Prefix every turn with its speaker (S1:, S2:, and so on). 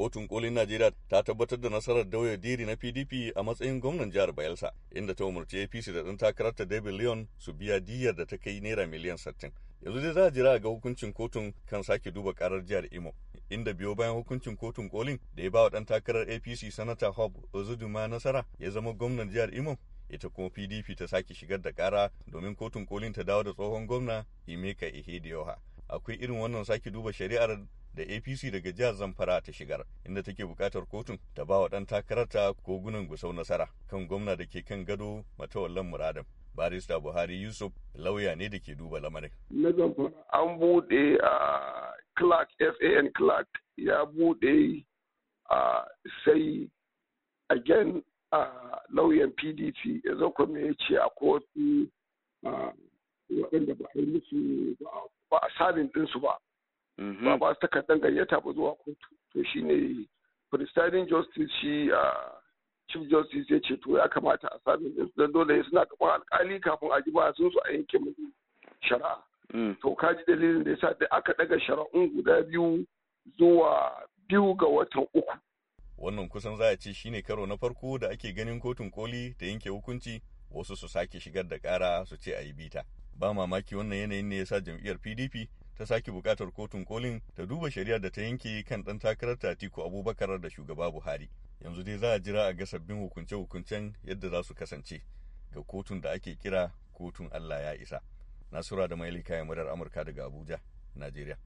S1: Kotun kolin Najeriya ta tabbatar da nasarar Dauda Diri na PDP a matsayin gwamnan jihar Bayelsa, inda ta umarci APC da ɗan ta David Leon su biya diyyar da ta kai naira miliyan 60. Yanzu dai za a jira ga hukuncin kotun kan sake duba karar jihar Imo, inda biyo bayan hukuncin kotun kolin da ya ba wa ɗan takarar APC Sanata Hob Ozuduma nasara ya zama gwamnan jihar Imo. ita kuma pdp ta sake shigar da kara domin kotun kolin ta dawo da tsohon gwamna imeka ihedioha akwai irin wannan sake duba shari'ar da apc daga jihar zamfara ta shigar inda take bukatar kotun ta ba wa ɗan takararta kogunan gusau nasara kan gwamna da ke kan gado matawallan muradin barista buhari yusuf lauya ne da ke duba lamarin na
S2: an bude a clark fan clark ya buɗe a sai again a lauyan pdp ya zo kuma ya ce a kotu waɗanda ba a yi musu ba a sabin ɗinsu ba Mm-hmm. ba ba su takardar gayyata ba zuwa kotu to shine presiding justice shi a ah, chief justice ya ce to ya kamata a sami din don dole suna gaban alkali kafin a ji ba sun su a yanke musu shari'a mm. to kaji dalilin da ya sa da aka daga shara'un guda biyu zuwa biyu ga watan uku
S1: wannan kusan za a ce shine karo na farko da ake ganin kotun koli ta yanke hukunci wasu su sake shigar da kara su ce a yi bita ba mamaki wannan yanayin ne yasa jam'iyyar pdp ta sake bukatar kotun kolin ta duba shari'ar da ta yanke kan ɗan takarar Atiku Abubakar da shugaba Buhari. Yanzu dai za a jira a ga sabbin hukunce-hukuncen yadda za su kasance ga kotun da ake kira kotun Allah ya isa. Nasura da Mailika ya murar Amurka daga Abuja, Najeriya.